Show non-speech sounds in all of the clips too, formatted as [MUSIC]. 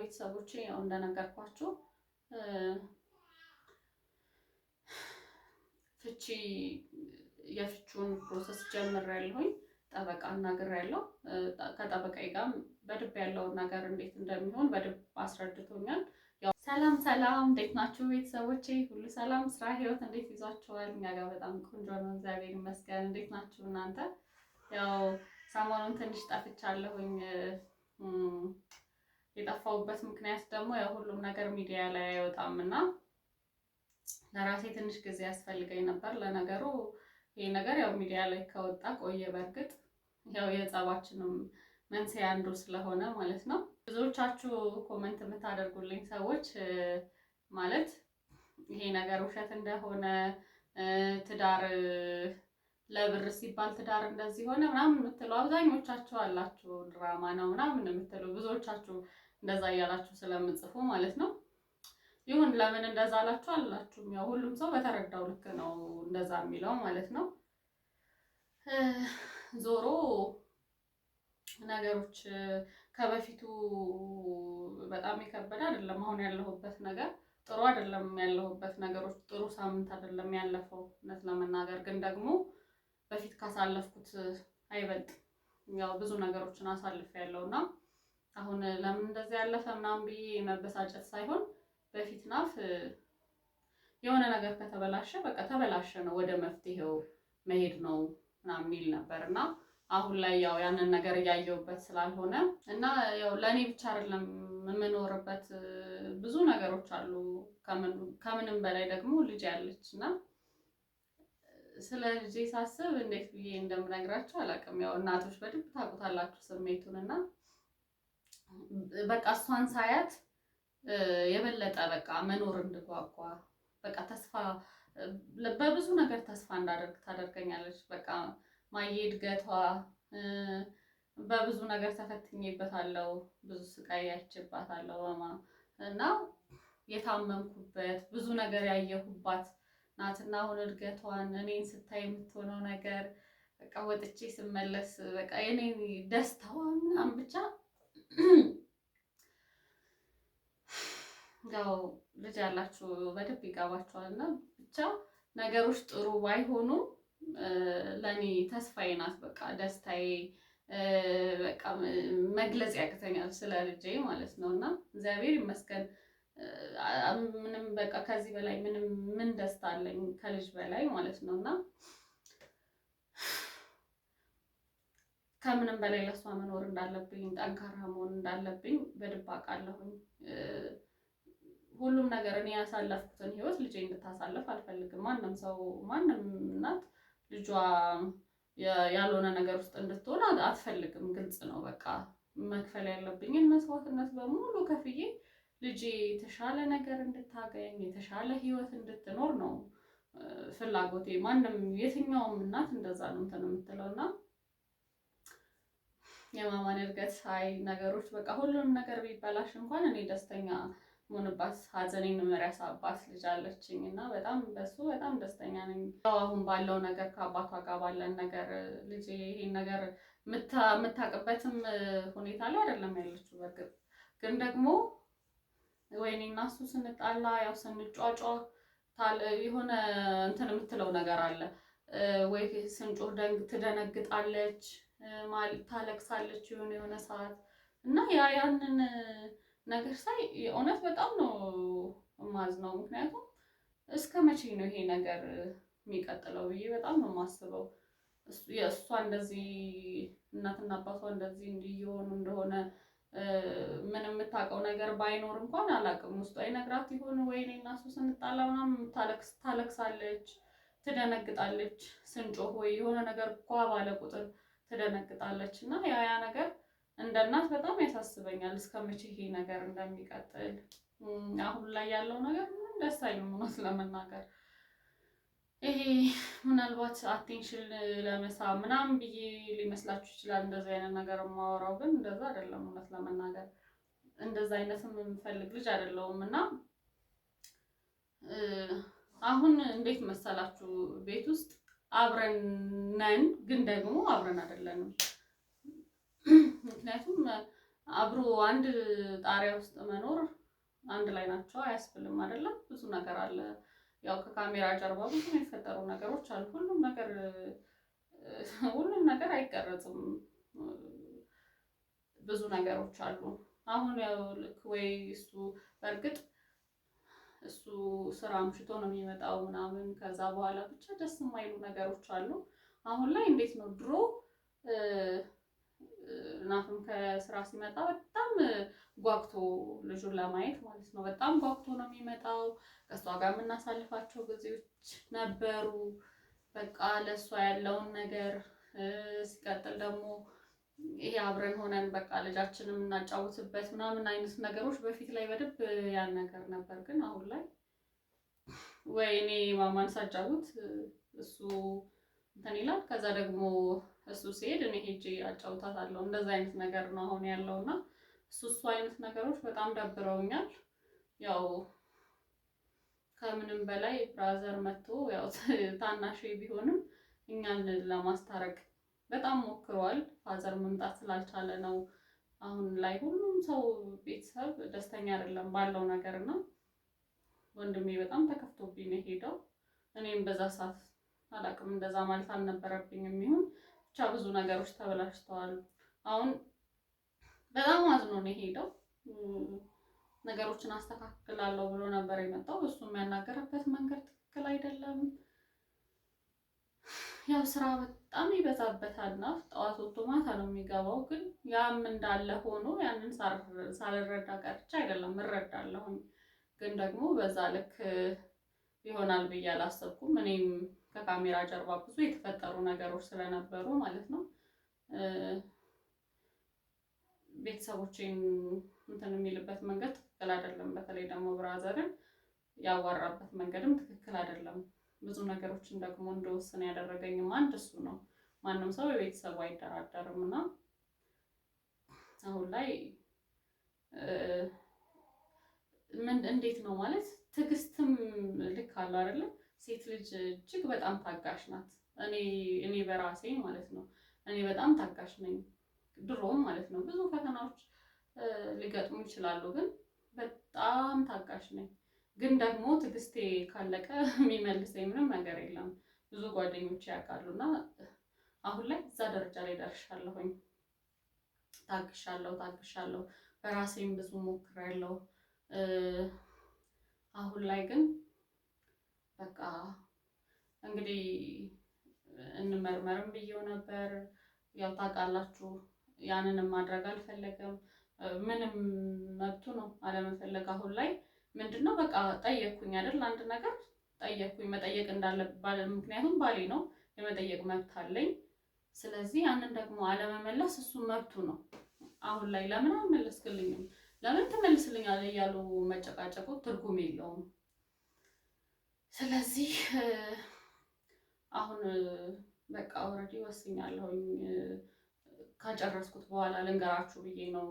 ቤተሰቦች ያው እንደነገርኳችሁ ፍቺ የፍቹን ፕሮሰስ ጀምር ያለሁኝ ጠበቃ ያለው ከጠበቃዬ ጋር በድብ ያለውን ነገር እንዴት እንደሚሆን በድብ አስረድቶኛል። ሰላም ሰላም፣ እንዴት ናችሁ ቤተሰቦች ሁሉ ሰላም፣ ስራ፣ ህይወት እንዴት ይዟችኋል? እኛ ጋር በጣም ቆንጆ ነው፣ እግዚአብሔር ይመስገን። እንዴት ናችሁ እናንተ? ያው ሰሞኑን ትንሽ ጠፍቻለሁኝ የጠፋውበት ምክንያት ደግሞ ያው ሁሉም ነገር ሚዲያ ላይ አይወጣም እና ለራሴ ትንሽ ጊዜ ያስፈልገኝ ነበር። ለነገሩ ይህ ነገር ያው ሚዲያ ላይ ከወጣ ቆየ። በእርግጥ ያው የጸባችንም መንስኤ አንዱ ስለሆነ ማለት ነው። ብዙዎቻችሁ ኮመንት የምታደርጉልኝ ሰዎች ማለት ይሄ ነገር ውሸት እንደሆነ ትዳር ለብር ሲባል ትዳር እንደዚህ ሆነ ምናምን የምትለው አብዛኞቻችሁ አላችሁ። ድራማ ነው ምናምን የምትለው ብዙዎቻችሁ እንደዛ እያላችሁ ስለምጽፉ ማለት ነው። ይሁን ለምን እንደዛ አላችሁ አላችሁም። ያው ሁሉም ሰው በተረዳው ልክ ነው እንደዛ የሚለው ማለት ነው። ዞሮ ነገሮች ከበፊቱ በጣም የከበደ አይደለም። አሁን ያለሁበት ነገር ጥሩ አይደለም። ያለሁበት ነገሮች ጥሩ ሳምንት አይደለም ያለፈው እውነት ለመናገር ግን ደግሞ በፊት ካሳለፍኩት አይበልጥ ያው ብዙ ነገሮችን አሳልፍ ያለው እና አሁን ለምን እንደዚህ ያለፈ ምናምን ብዬ መበሳጨት ሳይሆን በፊት ናፍ የሆነ ነገር ከተበላሸ በቃ ተበላሸ ነው፣ ወደ መፍትሄው መሄድ ነው ምናምን የሚል ነበር እና አሁን ላይ ያው ያንን ነገር እያየሁበት ስላልሆነ እና ያው ለእኔ ብቻ አይደለም የምኖርበት ብዙ ነገሮች አሉ። ከምንም በላይ ደግሞ ልጅ ያለች እና ስለ ልጄ ሳስብ እንዴት ብዬ እንደምነግራችሁ አላውቅም። ያው እናቶች በደንብ ታውቁታላችሁ ስሜቱን እና በቃ እሷን ሳያት የበለጠ በቃ መኖር እንድጓጓ በቃ ተስፋ በብዙ ነገር ተስፋ እንዳደርግ ታደርገኛለች። በቃ ማየ እድገቷ በብዙ ነገር ተፈትኜበታለሁ፣ ብዙ ስቃይ ያችባታለሁ እና የታመምኩበት ብዙ ነገር ያየሁባት ናትና አሁን እድገቷን እኔን ስታይ የምትሆነው ነገር በቃ ወጥቼ ስመለስ በቃ የኔ ደስታዋ ምናምን ብቻ [SNIFFS] ያው ልጅ ያላችሁ በደንብ ይገባችኋል። እና ብቻ ነገሮች ጥሩ ባይሆኑ ለእኔ ተስፋዬ ናት። በቃ ደስታዬ በቃ መግለጽ ያቅተኛል ስለ ልጄ ማለት ነው እና እግዚአብሔር ይመስገን። ምንም በቃ ከዚህ በላይ ምንም ምን ደስታ አለኝ ከልጅ በላይ ማለት ነው። እና ከምንም በላይ ለእሷ መኖር እንዳለብኝ ጠንካራ መሆን እንዳለብኝ በደንብ አውቃለሁኝ። ሁሉም ነገር እኔ ያሳለፍኩትን ህይወት ልጄ እንድታሳልፍ አልፈልግም። ማንም ሰው ማንም እናት ልጇ ያልሆነ ነገር ውስጥ እንድትሆን አትፈልግም። ግልጽ ነው። በቃ መክፈል ያለብኝን መስዋዕትነት በሙሉ ከፍዬ ልጄ የተሻለ ነገር እንድታገኝ የተሻለ ህይወት እንድትኖር ነው ፍላጎቴ። ማንም የትኛውም እናት እንደዛ ነው እንትን የምትለው እና የማማን እድገት ሳይ ነገሮች በቃ ሁሉንም ነገር ቢበላሽ እንኳን እኔ ደስተኛ ሆንባት ሀዘኔን ምረሳ አባት ልጅ አለችኝ እና በጣም በሱ በጣም ደስተኛ ነኝ። አሁን ባለው ነገር ከአባቷ ጋር ባለን ነገር ልጅ ይሄን ነገር የምታውቅበትም ሁኔታ ላይ አይደለም ያለችው በእርግጥ ግን ደግሞ ወይኔ እና እሱ ስንጣላ ያው ስንጫጫ የሆነ እንትን የምትለው ነገር አለ ወይ ስንጮህ ትደነግጣለች፣ ማለት ታለቅሳለች የሆነ የሆነ ሰዓት እና ያ ያንን ነገር ሳይ የእውነት በጣም ነው የማዝነው። ምክንያቱም እስከ መቼ ነው ይሄ ነገር የሚቀጥለው ብዬ በጣም ነው የማስበው። እሷ እንደዚህ እናትና አባቷ እንደዚህ እንዲህ እየሆኑ እንደሆነ ምንም የምታውቀው ነገር ባይኖር እንኳን አላውቅም። ውስጧ ይነግራት ይሆን ወይኔ እናሱ ስንጣላ ምናምን ታለቅሳለች፣ ትደነግጣለች። ስንጮህ ወይ የሆነ ነገር እኳ ባለ ቁጥር ትደነግጣለች። እና ያ ያ ነገር እንደ እናት በጣም ያሳስበኛል። እስከ መቼ ይሄ ነገር እንደሚቀጥል አሁን ላይ ያለው ነገር ምንም ደስ አይልም እውነት ለመናገር ይሄ ምናልባት አቴንሽን ለመሳብ ምናምን ብዬ ሊመስላችሁ ይችላል እንደዚህ አይነት ነገር የማወራው፣ ግን እንደዛ አይደለም። እውነት ለመናገር እንደዛ አይነትም የምፈልግ ልጅ አይደለውም እና አሁን እንዴት መሰላችሁ ቤት ውስጥ አብረን ነን፣ ግን ደግሞ አብረን አይደለንም። ምክንያቱም አብሮ አንድ ጣሪያ ውስጥ መኖር አንድ ላይ ናቸው አያስብልም አይደለም። ብዙ ነገር አለ ያው ከካሜራ ጀርባ ብዙ የሚፈጠሩ ነገሮች አሉ። ሁሉም ነገር ሁሉም ነገር አይቀረጽም። ብዙ ነገሮች አሉ። አሁን ያው ልክ ወይ እሱ በእርግጥ እሱ ስራ አምሽቶ ነው የሚመጣው ምናምን፣ ከዛ በኋላ ብቻ ደስ የማይሉ ነገሮች አሉ። አሁን ላይ እንዴት ነው ድሮ እናትም ከስራ ሲመጣ በጣም ጓግቶ ልጁን ለማየት ማለት ነው። በጣም ጓግቶ ነው የሚመጣው። ከእሷ ጋር የምናሳልፋቸው ጊዜዎች ነበሩ። በቃ ለእሷ ያለውን ነገር ሲቀጥል ደግሞ ይሄ አብረን ሆነን በቃ ልጃችንን የምናጫውትበት ምናምን አይነት ነገሮች በፊት ላይ በደንብ ያን ነገር ነበር። ግን አሁን ላይ ወይ እኔ ማማን ሳጫውት እሱ እንትን ይላል። ከዛ ደግሞ እሱ ሲሄድ እኔ ሄጄ አጫውታታለሁ። እንደዛ አይነት ነገር ነው አሁን ያለው እና እሱ እሱ አይነት ነገሮች በጣም ደብረውኛል። ያው ከምንም በላይ ብራዘር መጥቶ ያው [LAUGHS] ታናሽ ቢሆንም እኛን ለማስታረቅ በጣም ሞክሯል። ፋዘር መምጣት ስላልቻለ ነው አሁን ላይ ሁሉም ሰው ቤተሰብ ደስተኛ አይደለም ባለው ነገር ነው። ወንድሜ በጣም ተከፍቶብኝ ነው የሄደው። እኔም በዛ ሰዓት አላቅም እንደዛ ማለት አልነበረብኝም ይሁን ብቻ ብዙ ነገሮች ተበላሽተዋል። አሁን በጣም አዝኖ ነው የሄደው። ነገሮችን አስተካክላለሁ ብሎ ነበር የመጣው። እሱ የሚያናገርበት መንገድ ትክክል አይደለም። ያው ስራ በጣም ይበዛበታል ጠዋት ወጥቶ ማታ ነው የሚገባው። ግን ያም እንዳለ ሆኖ ያንን ሳልረዳ ቀርቼ አይደለም እረዳለሁኝ። ግን ደግሞ በዛ ልክ ይሆናል ብዬ አላሰብኩም እኔም ከካሜራ ጀርባ ብዙ የተፈጠሩ ነገሮች ስለነበሩ ማለት ነው ቤተሰቦቼን እንትን የሚልበት መንገድ ትክክል አይደለም። በተለይ ደግሞ ብራዘርን ያዋራበት መንገድም ትክክል አይደለም። ብዙ ነገሮችን ደግሞ እንደወስን ያደረገኝም አንድ እሱ ነው። ማንም ሰው የቤተሰቡ አይደራደርም እና አሁን ላይ ምን እንዴት ነው ማለት ትዕግስትም ልክ አለው አይደለም ሴት ልጅ እጅግ በጣም ታጋሽ ናት። እኔ እኔ በራሴ ማለት ነው እኔ በጣም ታጋሽ ነኝ። ድሮም ማለት ነው ብዙ ፈተናዎች ሊገጥሙ ይችላሉ፣ ግን በጣም ታጋሽ ነኝ። ግን ደግሞ ትዕግስቴ ካለቀ [LAUGHS] የሚመልሰኝ ምንም ነገር የለም። ብዙ ጓደኞች ያውቃሉ እና አሁን ላይ እዛ ደረጃ ላይ ደርሻለሁኝ። ታግሻለሁ ታግሻለሁ፣ በራሴም ብዙ ሞክሬያለሁ። አሁን ላይ ግን በቃ እንግዲህ እንመርመርም ብዬው ነበር። ያው ታውቃላችሁ፣ ያንንም ማድረግ አልፈለገም። ምንም መብቱ ነው አለመፈለግ። አሁን ላይ ምንድን ነው በቃ ጠየቅኩኝ አይደል፣ አንድ ነገር ጠየቅኩኝ። መጠየቅ እንዳለ ምክንያቱም ባሌ ነው የመጠየቅ መብት አለኝ። ስለዚህ ያንን ደግሞ አለመመለስ እሱ መብቱ ነው። አሁን ላይ ለምን አልመለስክልኝም፣ ለምን ትመልስልኛል እያሉ መጨቃጨቁ ትርጉም የለውም። ስለዚህ አሁን በቃ ኦልሬዲ ወስኛለሁኝ ከጨረስኩት በኋላ ልንገራችሁ ብዬ ነው።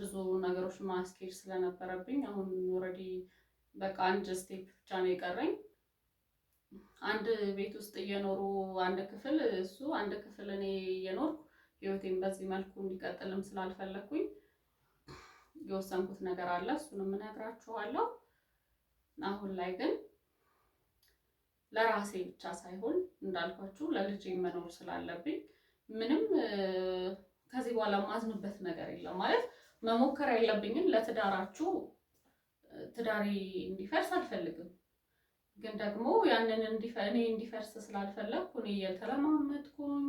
ብዙ ነገሮች ማስኬድ ስለነበረብኝ አሁን ኦልሬዲ በቃ አንድ ስቴፕ ብቻ ነው የቀረኝ። አንድ ቤት ውስጥ እየኖሩ አንድ ክፍል እሱ አንድ ክፍል እኔ እየኖርኩ ህይወቴን በዚህ መልኩ እንዲቀጥልም ስላልፈለግኩኝ የወሰንኩት ነገር አለ። እሱንም እነግራችኋለሁ። አሁን ላይ ግን ለራሴ ብቻ ሳይሆን እንዳልኳችሁ ለልጄ መኖር ስላለብኝ ምንም ከዚህ በኋላ ማዝንበት ነገር የለም ማለት መሞከር ያለብኝን ለትዳራችሁ ትዳሪ እንዲፈርስ አልፈልግም። ግን ደግሞ ያንን እኔ እንዲፈርስ ስላልፈለግኩ እኔ እየተለማመጥኩኝ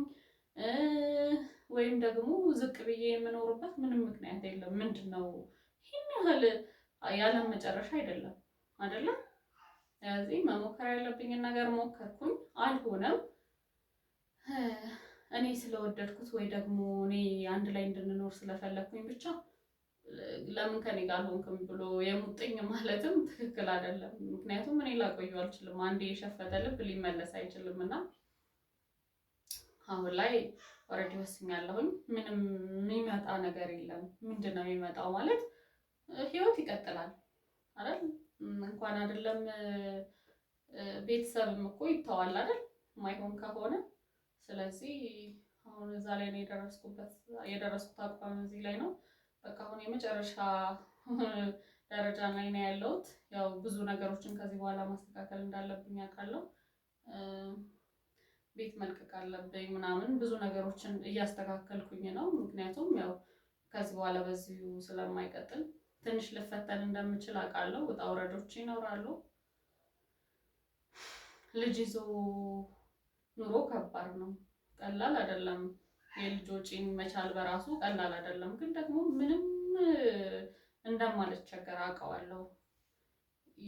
ወይም ደግሞ ዝቅ ብዬ የምኖርበት ምንም ምክንያት የለም። ምንድን ነው ይህን ያህል ያለ መጨረሻ አይደለም። አይደለም። ስለዚህ መሞከር ያለብኝን ነገር ሞከርኩኝ፣ አልሆነም። እኔ ስለወደድኩት ወይ ደግሞ እኔ አንድ ላይ እንድንኖር ስለፈለግኩኝ ብቻ ለምን ከኔ ጋር አልሆንክም ብሎ የሙጥኝ ማለትም ትክክል አይደለም። ምክንያቱም እኔ ላቆዩ አልችልም። አንዴ የሸፈተ ልብ ሊመለስ አይችልም እና አሁን ላይ ኦልሬዲ ወስኛለሁኝ። ምንም የሚመጣ ነገር የለም። ምንድን ነው የሚመጣው ማለት ህይወት ይቀጥላል አይደል? እንኳን አይደለም ቤተሰብም እኮ ይተዋል አይደል ማይሆን ከሆነ ስለዚህ አሁን እዛ ላይ ነው የደረስኩበት የደረስኩት አቋም እዚህ ላይ ነው በቃ አሁን የመጨረሻ ደረጃ ላይ ነው ያለሁት ያው ብዙ ነገሮችን ከዚህ በኋላ ማስተካከል እንዳለብኝ አውቃለሁ ቤት መልቀቅ አለብኝ ምናምን ብዙ ነገሮችን እያስተካከልኩኝ ነው ምክንያቱም ያው ከዚህ በኋላ በዚሁ ስለማይቀጥል ትንሽ ልፈተን እንደምችል አውቃለሁ። ውጣ ውረዶች ይኖራሉ። ልጅ ይዞ ኑሮ ከባድ ነው፣ ቀላል አይደለም። የልጅ ወጪን መቻል በራሱ ቀላል አይደለም። ግን ደግሞ ምንም እንደማልቸገር አውቀዋለሁ።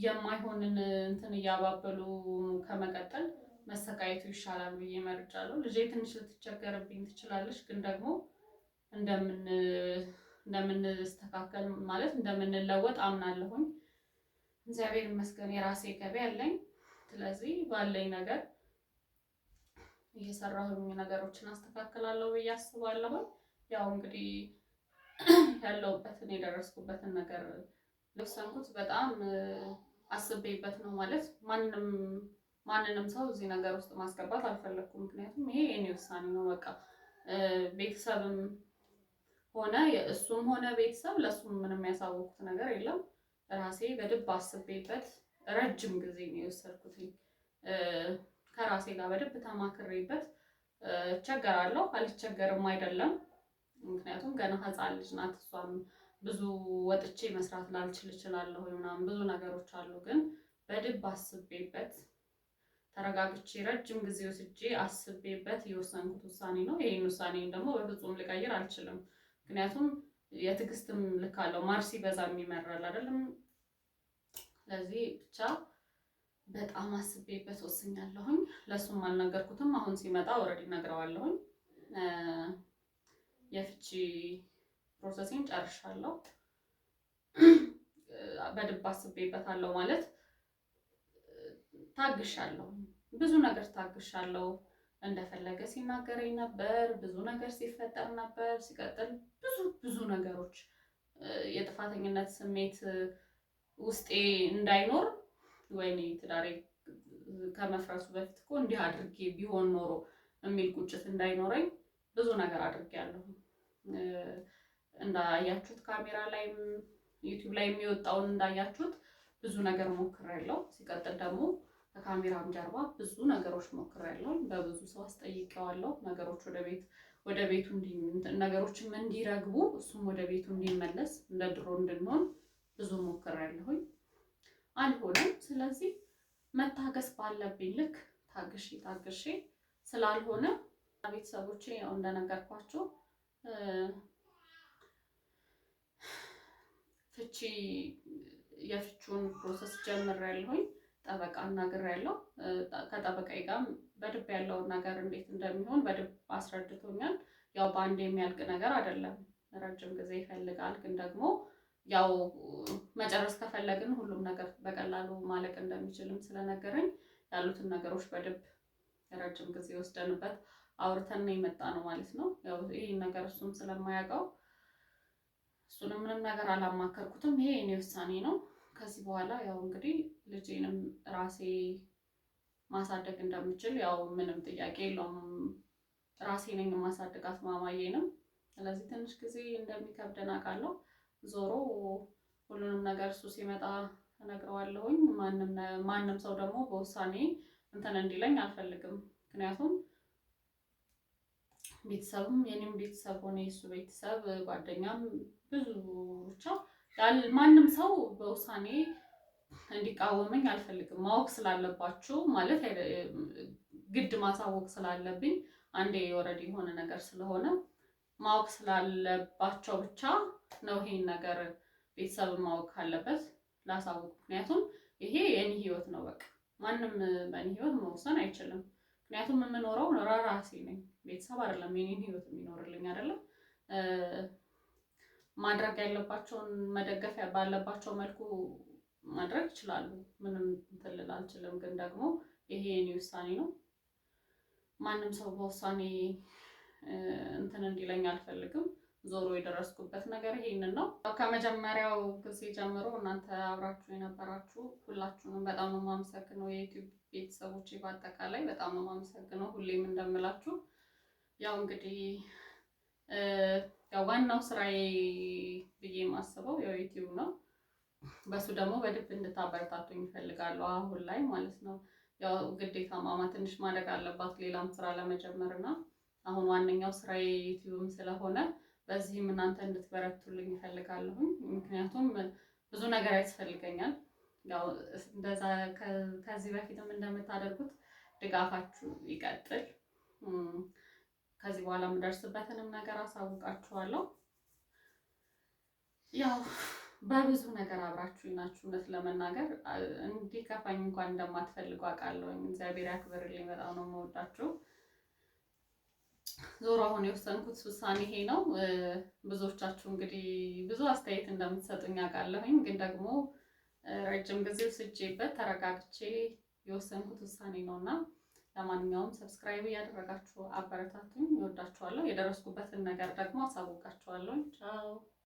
የማይሆንን እንትን እያባበሉ ከመቀጠል መሰቃየቱ ይሻላል ብዬ መርጫለሁ። ልጄ ትንሽ ልትቸገርብኝ ትችላለች፣ ግን ደግሞ እንደምን እንደምንስተካከል ማለት እንደምንለወጥ አምናለሁኝ። እግዚአብሔር ይመስገን የራሴ ገቢ አለኝ። ስለዚህ ባለኝ ነገር እየሰራሁኝ ነገሮችን አስተካክላለሁ ብዬ አስባለሁኝ። ያው እንግዲህ ያለሁበትን የደረስኩበትን ነገር ልብሰንኩት በጣም አስቤበት ነው። ማለት ማንም ማንንም ሰው እዚህ ነገር ውስጥ ማስገባት አልፈለግኩም። ምክንያቱም ይሄ የኔ ውሳኔ ነው። በቃ ቤተሰብም ሆነ እሱም ሆነ ቤተሰብ ለእሱም ምንም ያሳወቁት ነገር የለም። ራሴ በደንብ አስቤበት ረጅም ጊዜ ነው የወሰድኩትኝ። ከራሴ ጋር በደንብ ተማክሬበት እቸገራለሁ አልቸገርም አይደለም። ምክንያቱም ገና ህፃን ልጅ ናት። እሷም ብዙ ወጥቼ መስራት ላልችል እችላለሁ ምናምን ብዙ ነገሮች አሉ። ግን በድብ አስቤበት ተረጋግቼ ረጅም ጊዜ ወስጄ አስቤበት የወሰንኩት ውሳኔ ነው። ይህን ውሳኔን ደግሞ በፍጹም ልቀይር አልችልም። ምክንያቱም የትዕግስትም ልክ አለው። ማርሲ ሲበዛ የሚመራል አይደለም። ስለዚህ ብቻ በጣም አስቤበት ወስኛለሁኝ። ለእሱም አልነገርኩትም። አሁን ሲመጣ ኦልሬዲ ነግረዋለሁኝ። የፍቺ ፕሮሰሲን ጨርሻለሁ። በድብ አስቤበታለሁ ማለት ታግሻለሁ፣ ብዙ ነገር ታግሻለሁ። እንደፈለገ ሲናገረኝ ነበር። ብዙ ነገር ሲፈጠር ነበር። ሲቀጥል ብዙ ብዙ ነገሮች የጥፋተኝነት ስሜት ውስጤ እንዳይኖር ወይኔ ትዳሬ ከመፍረሱ በፊት እኮ እንዲህ አድርጌ ቢሆን ኖሮ የሚል ቁጭት እንዳይኖረኝ ብዙ ነገር አድርጌያለሁ። እንዳያችሁት ካሜራ ላይም ዩቲዩብ ላይ የሚወጣውን እንዳያችሁት ብዙ ነገር ሞክሬያለሁ። ሲቀጥል ደግሞ ከካሜራም ጀርባ ብዙ ነገሮች ሞክሬያለሁ። በብዙ ሰው አስጠይቀዋለሁ። ነገሮች ወደ ቤት ወደ ቤቱ ነገሮችም እንዲረግቡ እሱም ወደ ቤቱ እንዲመለስ እንደ ድሮ እንድንሆን ብዙ ሞክሬያለሁኝ። አልሆነም። ስለዚህ መታገስ ባለብኝ ልክ ታግሼ ታግሼ ስላልሆነ ቤተሰቦቼ ያው እንደነገርኳቸው ፍቺ የፍቹን ፕሮሰስ ጀምሬያለሁኝ። ጠበቃ እናግር ያለው ከጠበቃዬ ጋር በድብ ያለውን ነገር እንዴት እንደሚሆን በድብ አስረድቶኛል። ያው በአንድ የሚያልቅ ነገር አይደለም፣ ረጅም ጊዜ ይፈልጋል። ግን ደግሞ ያው መጨረስ ከፈለግን ሁሉም ነገር በቀላሉ ማለቅ እንደሚችልም ስለነገረኝ ያሉትን ነገሮች በድብ ረጅም ጊዜ ወስደንበት አውርተን የመጣ ነው ማለት ነው። ያው ይህ ነገር እሱም ስለማያውቀው እሱንም ምንም ነገር አላማከርኩትም። ይሄ የኔ ውሳኔ ነው። ከዚህ በኋላ ያው እንግዲህ ልጄንም ራሴ ማሳደግ እንደምችል ያው ምንም ጥያቄ የለውም። ራሴ ነኝ የማሳድጋት ማማዬንም። ስለዚህ ትንሽ ጊዜ እንደሚከብደን አውቃለሁ። ዞሮ ሁሉንም ነገር እሱ ሲመጣ እነግረዋለሁኝ። ማንም ሰው ደግሞ በውሳኔ እንትን እንዲለኝ አልፈልግም። ምክንያቱም ቤተሰብም የኔም ቤተሰብ ሆነ የእሱ ቤተሰብ ጓደኛም ብዙ ብቻ ማንም ሰው በውሳኔ እንዲቃወመኝ አልፈልግም። ማወቅ ስላለባችሁ ማለት ግድ ማሳወቅ ስላለብኝ አንዴ የወረድ የሆነ ነገር ስለሆነ ማወቅ ስላለባቸው ብቻ ነው። ይሄን ነገር ቤተሰብ ማወቅ ካለበት ላሳውቅ። ምክንያቱም ይሄ የኔ ህይወት ነው። በቃ ማንም በእኔ ህይወት መወሰን አይችልም። ምክንያቱም የምኖረው ራሴ ነኝ። ቤተሰብ አይደለም የኔን ህይወት የሚኖርልኝ አይደለም። ማድረግ ያለባቸውን መደገፍ ባለባቸው መልኩ ማድረግ ይችላሉ። ምንም እንትን ልል አልችልም። ግን ደግሞ ይሄ የኔ ውሳኔ ነው። ማንም ሰው በውሳኔ እንትን እንዲለኝ አልፈልግም። ዞሮ የደረስኩበት ነገር ይሄንን ነው። ከመጀመሪያው ጊዜ ጀምሮ እናንተ አብራችሁ የነበራችሁ ሁላችሁንም በጣም ነው የማመሰግነው። የዩቲዩብ ቤተሰቦች በአጠቃላይ በጣም ነው የማመሰግነው። ሁሌም እንደምላችሁ ያው እንግዲህ ያው ዋናው ስራዬ ብዬ የማስበው ያው ዩቲዩብ ነው። በሱ ደግሞ በድብ እንድታበረታቱኝ ይፈልጋሉ አሁን ላይ ማለት ነው። ያው ግዴታ ማማ ትንሽ ማደግ አለባት ሌላም ስራ ለመጀመር እና አሁን ዋነኛው ስራዬ ዩቲዩብም ስለሆነ በዚህም እናንተ እንድትበረቱልኝ እፈልጋለሁኝ። ምክንያቱም ብዙ ነገር ያስፈልገኛል። ያው እንደዛ ከዚህ በፊትም እንደምታደርጉት ድጋፋችሁ ይቀጥል። ከዚህ በኋላ የምደርስበትንም ነገር አሳውቃችኋለሁ። ያው በብዙ ነገር አብራችሁ ናችሁ። እውነት ለመናገር እንዲከፋኝ እንኳን እንደማትፈልጉ አውቃለሁ። እግዚአብሔር ያክብርልኝ። በጣም ነው የምወዳችሁ። ዞሮ አሁን የወሰንኩት ውሳኔ ይሄ ነው። ብዙዎቻችሁ እንግዲህ ብዙ አስተያየት እንደምትሰጡኝ አውቃለሁኝ። ግን ደግሞ ረጅም ጊዜ ወስጄበት ተረጋግቼ የወሰንኩት ውሳኔ ነውና ለማንኛውም ሰብስክራይብ እያደረጋችሁ አበረታቱኝ። እወዳችኋለሁ። የደረስኩበትን ነገር ደግሞ አሳውቃችኋለሁ። ቻው